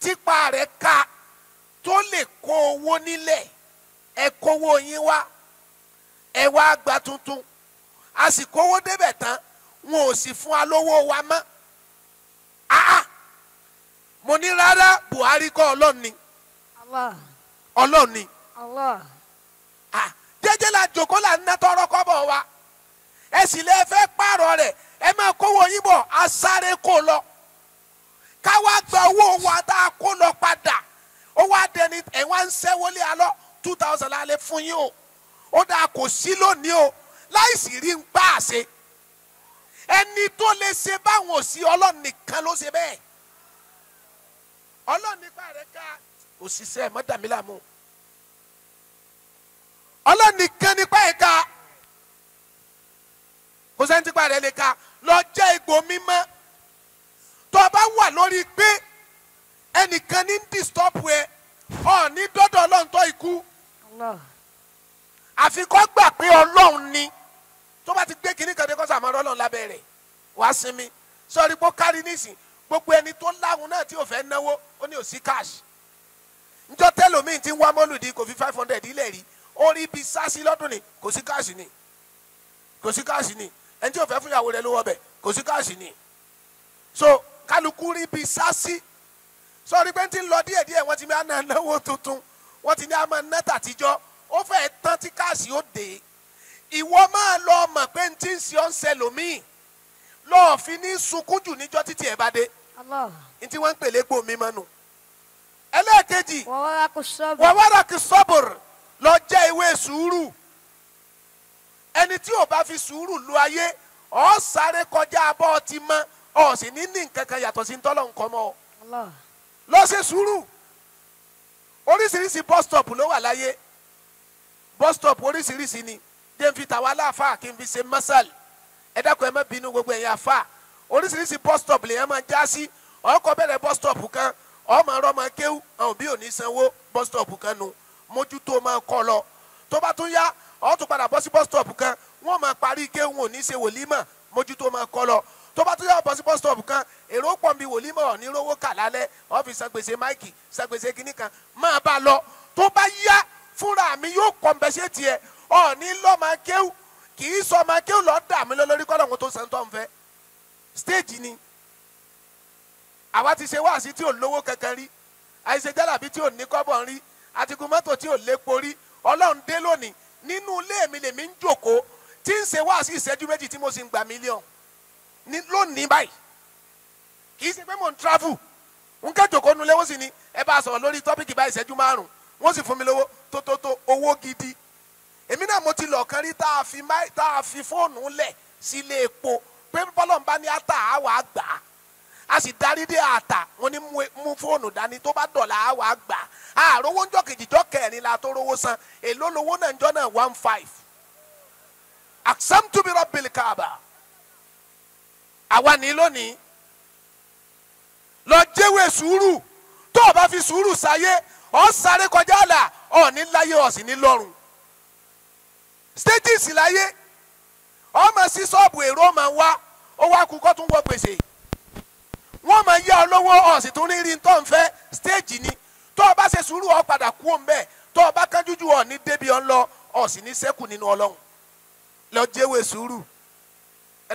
tipa rẹ ka tó lè kó owó nílẹ̀ ẹ kówó yín wá ẹ wá gba tuntun a sì kówó débẹ̀ tán wọn ò sì fún wa lówó wa mọ́ ah mo ní rárá Buhari kọ́ ọlọ́run ni ọlọ́run ni jẹ́jẹ́ la jòkó là ń ná tọrọ kọ́bọ̀ wa ẹ sì lè fẹ́ pààrọ̀ rẹ̀ ẹ máa kówó yín bọ̀ a sáré kó lọ. ká wá gba owó wa tá a kó lọ padà ó wá dẹni ẹ̀ wá ń sẹ́wọ́lé alọ́ two thousand lálẹ́ fún yín o ó dáa kò sí lónìí o láìsí rí ń gbà ṣe ẹni tó lè ṣe báwọn ò sí ọlọ́run nìkan ló ṣe bẹ́ẹ̀ ọlọ́run nípa rẹ̀ ká òṣìṣẹ́ mọ́tàmílàmù ọlọ́run nìkan nípa ẹ̀ ká kò sẹ́ni típa lè ka lọ jẹ́ egbò mímọ́ tó bá wà lórí pé ẹnìkan ní disturb ẹ ọ ní dọ́dọ̀ ọlọ́run tó ikú àfi kó gbà pé ọlọ́run ni tó bá ti gbé kinní kan dé kọ́sà àmọ́ ọlọ́run lábẹ́ rẹ̀ wá sinmi sọrí pé ó kárí nísìn gbogbo ẹni tó láhùn náà tí ò fẹ́ náwó ó ní ò sí cash njọ tẹlomi ti ń wá mọ́lùdí kò fi five hundred ilẹ̀ rí ó rí ibi sásí lọ́dún ni kò sí cash ni kò sí cash ni ẹni tí ò fẹ́ fún ìyàwó rẹ̀ lówó bẹ̀ kò sí cash ni so kálukú rí bíi sásí sọrí pé ń ti ń lọ díẹ̀díẹ̀ wọ́n ti ní àná náwó tuntun wọ́n ti ní àmọ́ nẹ́tà àtijọ́ ó fẹ́ tán tí káàsì ó dé ìwọ máa lọ mọ̀ pé ń ti ń ṣe ọ̀nsẹ̀ lòmíì lọ́ọ̀ fi ní sunkún jù níjọ́ títí ẹ̀ bá dé ní tí wọ́n ń pèlè gbò mí mọ́nu ẹlẹ́ẹ̀kejì wàwárà kì sọ́bùr lọ jẹ́ ìwé sùúrù ẹni tí ò bá fi sùúrù lu ayé ọ̀ sáré kọjá abọ́ ọtí mọ́ ọ sì ní ní nǹkan kan yàtọ̀ sí ntọ́lọ̀ nǹkan mọ́ ọ lọ ṣe sùúrù oríṣiríṣi bus stop ló wà láyé bus stop oríṣiríṣi ni dé n fi tàwa láàfà kí n fi ṣe masal ẹ dákun ẹ má bínú gbogbo ẹ̀yin àfà oríṣiríṣi bus stop lèyàn máa já sí ọkọ̀ bẹ̀rẹ̀ bus stop kan ọmọ ọ̀rọ̀ máa kéwú àwọn òbí ò ní sanwó bus stop kan nu mójútó máa kọ́ lọ tó bá tún yá ọ̀ tún padà bọ́ sí bus stop kan wọ́n máa parí kéwú wọn ò ní ṣe wòlímọ̀ mójútó máa kọ́ lọ tó bá tún yà bọ́ sí bus stop kan èrò pọ̀ mi wòlíì mọ̀ ní rówó kà lálẹ́ ọ́fíìsì sàgbèsè máìkì sàgbèsè kínní kan máa bá a lọ tó bá yá fúnra mi yóò kọ̀m̀bẹ́sẹ̀ tiẹ̀ ọ̀ọ́ni lọ́mọ kéwù kì í sọ ọmọ lọ́ọ́ dà mí lórí kọ́lọ́hún tó sẹ́ńtọ́ ń fẹ́ stage ni àwa ti ṣe wáàsí tí ò lówó kankan rí àìṣe jálàbí tí ò ní kọ́bọ̀ rí àtikú mọ́tò tí ò lépo rí ọlọ́run dé lónìí nínú ilé mi lèmi ń jòkó tí ń ṣe wáàsí ìṣẹ́jú méjì tí mo sì ń gba mílíọ̀nù ní lónìí báyìí kì í ṣe pé mò ń travel n kẹ́jọ̀kọ́ nulẹ̀ wọ́n sì ní ẹ bá sọ̀rọ̀ lórí tọ́pìkì báyìí ṣẹ́jú márùn wọ́n sì fún mi lówó tótótó owó gidi èmi náà mo ti lọ kan rí tá a fi máì tá a fi fóònù lẹ̀ sílé epo pé bọ́lọ̀n bá ní ata àwa gbà a sì darí dé ata wọn ní mu e, fóònù dání tó bá dọ̀là àwa gbà á àròwó ńjọ́ kejì jọ́ kẹrin la tó rówó san èló lowó náà ńjọ́ náà one five àṣàm tóbi rọ bìlì káàbà àwa ní lónìí lọ jẹ́wé sùúrù tó o bá fi sùúrù sáyé ọ̀ sáré kọjá àlà ọ̀ ní láyé ọ̀ sì ní lọ́rùn stages láyé ọmọ sí ṣọ́ọ̀bù èrò máa ń wá ó wá kú kó tún wọ gbèsè wọ́n máa yá ọ lọ́wọ́ ọ̀ sì tún rírí tó ń fẹ́ stage ni tó o bá ṣe sùúrù ọ̀ padà kú òun bẹ́ẹ̀ tó o bá kánjú jù ọ̀ ní débi ọ̀ lọ ọ̀ sì ní sẹ́kù nínú ọlọ́run lọ jẹ́wé sùúrù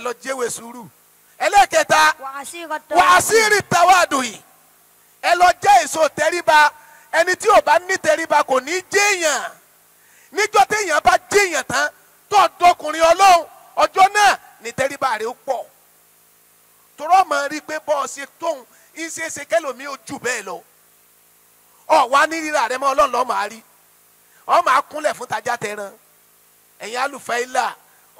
ẹ lọ jẹ́wé sùúrù ẹlẹ́kẹta wàásìrì tàwádùn yìí ẹ lọ jẹ́ èso tẹríba ẹni tí ò bá ní tẹríba kò ní jẹ́yàn níjọ́ téèyàn bá jẹ́yàn tán tó dọkùnrin ọlọ́run ọjọ́ náà ní tẹríba rẹ̀ pọ̀ tọrọ mọ̀ rí pé bọ́ọ̀sì tóun ìṣeéṣe kẹlòmíì ó jù bẹ́ẹ̀ lọ ọ wá ní rírà rẹ mọ ọlọ́run lọ́ọ́ máa rí ọ máa kúnlẹ̀ fún tajá tẹran ẹ̀yin alùfẹ́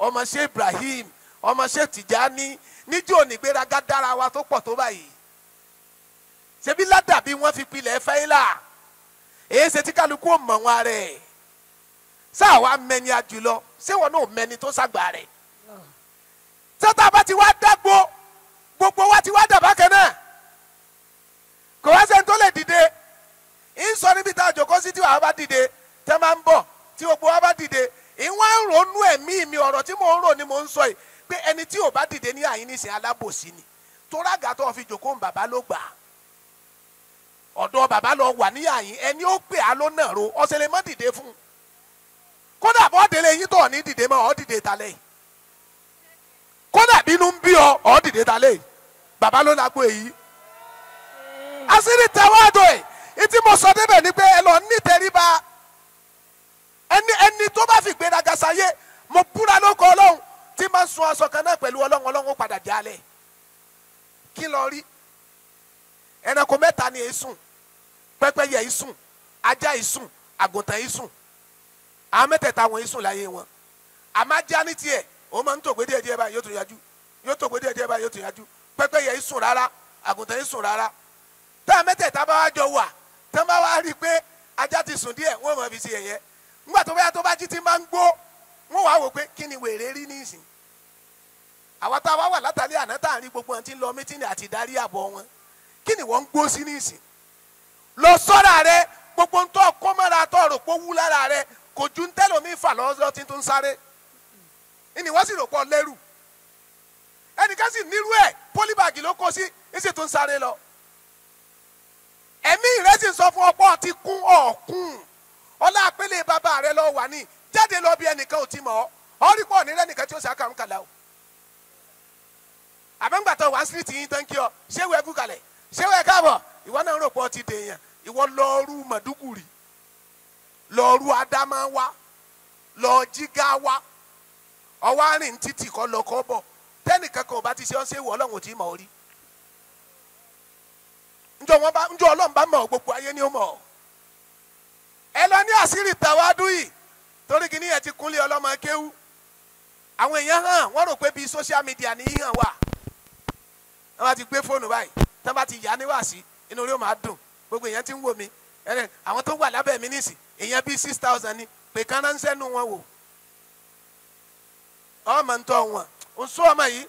ọmọ ṣe Ibrahim ọmọ Sheikh Tijani níjó onígbéraga dára wa tó pọ̀ tó báyìí ṣebí ládàbí wọ́n fi pilẹ̀ fẹ́yìnlá èyí ṣe tí kálukú ò mọ̀ wọn rẹ̀ sáàwá mẹni àjùlọ ṣé wọn náà mẹni tó ṣàgbà rẹ̀ sọ́tà bá ti wá dágbo gbogbo wa ti wá dàbá kan kò wá sẹ́ni tó lè dìde ń níbi tá a jòkó sí tí wàá bá dìde tẹ́ máa ń bọ̀ tí gbogbo wa bá dìde ìwọ́n ń ronú ẹ̀mí mi ọ̀rọ̀ tí mò ń rò ni mò ń sọ yìí pé ẹni tí ò bá dìde ní àyín nísìnyí alábòsí ni torí àga tó fi jòkó ń bàbá ló gbà ọ̀dọ̀ bàbá lọ wà ní àyín ẹni ó pè á ló nàró ọ̀sẹ̀ lè má dìde fún un kódà bọ́ délé yín tó ní dìde mọ́ ọ́ dìde ta lẹ́yìn kódà bínú ń bí ọ ọ́ dìde ta lẹ́yìn bàbá ló lágbo èyí àṣírí tẹ̀wádò ẹ̀ ìtí mo sọ débẹ̀ ni pé ẹ lọ ní tẹríba ẹni ẹni tó bá fi gbéraga sáyé mo búra lóko ọlọ́run tí n bá sun aṣọ kan náà pẹ̀lú ọlọ́run ọlọ́run ó padà dé alẹ́ kí lọ rí ẹranko mẹ́ta ni èyí sùn pẹ́pẹ́yẹ èyí sùn ajá èyí sùn àgùntàn èyí sùn àwọn mẹ́tẹ̀ẹ̀ta wọn èyí sùn láyé wọn àmọ́ ajá ní tiẹ̀ òun máa ń tògbé díẹ̀ díẹ̀ báyìí yóò tún yájú yóò tògbé díẹ̀ díẹ̀ báyìí yóò tún yájú pẹ́pẹ́yẹ èyí sùn rárá àgùntàn èyí sùn rárá táwọn mẹ́tẹ̀ẹ̀ta bá wá jọ wà tán bá wá rí i pé ajá ti sùn díẹ̀ wọ́n mọ̀ wọ́n wá wò pé kí ni wèrè rí nísìn àwa tá a wá wà látàlẹ́ àná tá à ń rí gbogbo wọn ti ń lọ mítìnì àti ìdarí àbọ̀ wọn kí ni wọ́n ń gbó sí nísìn lọ sọ́ra rẹ gbogbo ń tọ́ kó mọ́ra tọ́ rò pé wú lára rẹ kò ju ń tẹ́lómi fà lọ́sọ́ tí tó sáré ni wọ́n sì rò pọ̀ lẹ́rù ẹnìkan sì nírú ẹ̀ pólíbàgì ló kó sí ẹsẹ̀ tó ń sáré lọ ẹ̀mí rẹ sọ fún ọ̀pọ̀ ti kún ọ̀kún ọlá àpẹẹlẹ bàbá rẹ lọ wà ní jáde lọ bí ẹnìkan ò ti mọ̀ ọ́ rí pọ̀ nílẹ̀ nìkan tí ó kàlà o àbẹ̀ǹgbàtọ̀ wá síríìtì yín tán kí ọ ṣé wẹ́ẹ́ ṣé káàbọ̀ ìwọ náà rò ọ ti dèèyàn ìwọ lọ́ọ́rù màdúgùrì lọ́ọ́rù adámáwá lọ́ọ́ ọwọ́ àárín títì kọ́ kọ́ bọ̀ tẹ́nìkan kan ò bá ti ṣe ọ́ ìwọ njọ ayé ni ó ẹ lọ ní àṣírí tàwádùn yìí kéwú àwọn èèyàn hàn wọ́n rò pé bíi social media ní hàn wà wọ́n bá ti gbé fóònù báyìí tí wọ́n bá ti yà á níwàásí inú orí ò máa dùn gbogbo èèyàn ti ń wò mí àwọn tó wà lábẹ́ mi nísì èèyàn bíi six thousand ni pé kán ránṣẹ́ nù wọn wò ọmọ ntọ́ wọn nsọ ọmọ yìí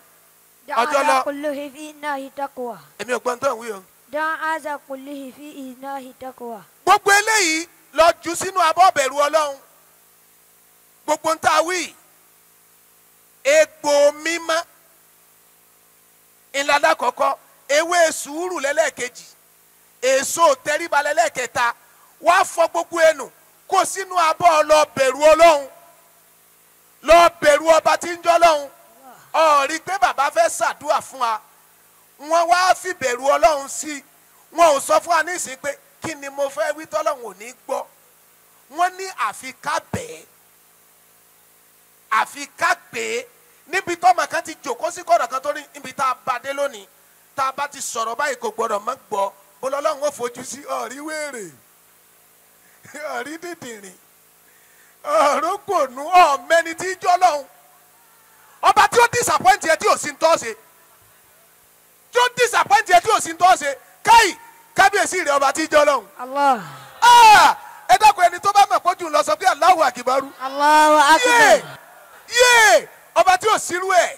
ọjọ́ lọ. èmi ò gbọ́ ntọ́ ìwúyọ. gbogbo eléyìí lọ jù sínú abọ́ ọlọ́run gbogbo ń ta wí egbò mímọ́ ńlá lákọ̀ọ́kọ́ ewé sùúrù lẹ́lẹ́ẹ̀kejì èso tẹríba lẹ́lẹ́ẹ̀kẹta wá fọ gbogbo ẹnu kó sínú abọ́ lọ bẹ̀rù ọlọ́run lọ bẹ̀rù ọba tí ń jọ́lọ́run ọ̀rí pé bàbá fẹ́ ṣàdúrà fún wa wọ́n wá fi bẹ̀rù ọlọ́run sí i wọn ò sọ fún wa nísìnyí pé kí ni mo fẹ́ wí tọ́lọ́run ò ní gbọ́ wọ́n ní àfi ká bẹ̀ẹ́ àfi ká pè é níbi tọ́mọ kan ti jòkó sí kọ̀rọ̀ kan tó ní ibi tá a bá dé lónìí tá a bá ti sọ̀rọ̀ báyìí kò gbọ́dọ̀ mọ́ gbọ́ bọ́lọ́lọ́run ó fojú sí ọ̀rí wèrè ọ̀rí dìdìrín ọ̀rọ̀ gbòònú ọ̀mẹ́ni tí jọ́ lọ́hùn ọba tí ó disappoint yẹ tí ò sí ń tọ́ ṣe tí ó disappoint yẹ tí ò sí ń tọ́ ṣe káyì kábíyèsí rẹ ọba tí jọ́ lọ́hùn. Allah. Ah! ẹ dákun ẹni tó bá mọ̀ pójú lọ sọ pé Allahu akibaru. Allahu akibaru yéé ọba tí ò sírú ẹ̀.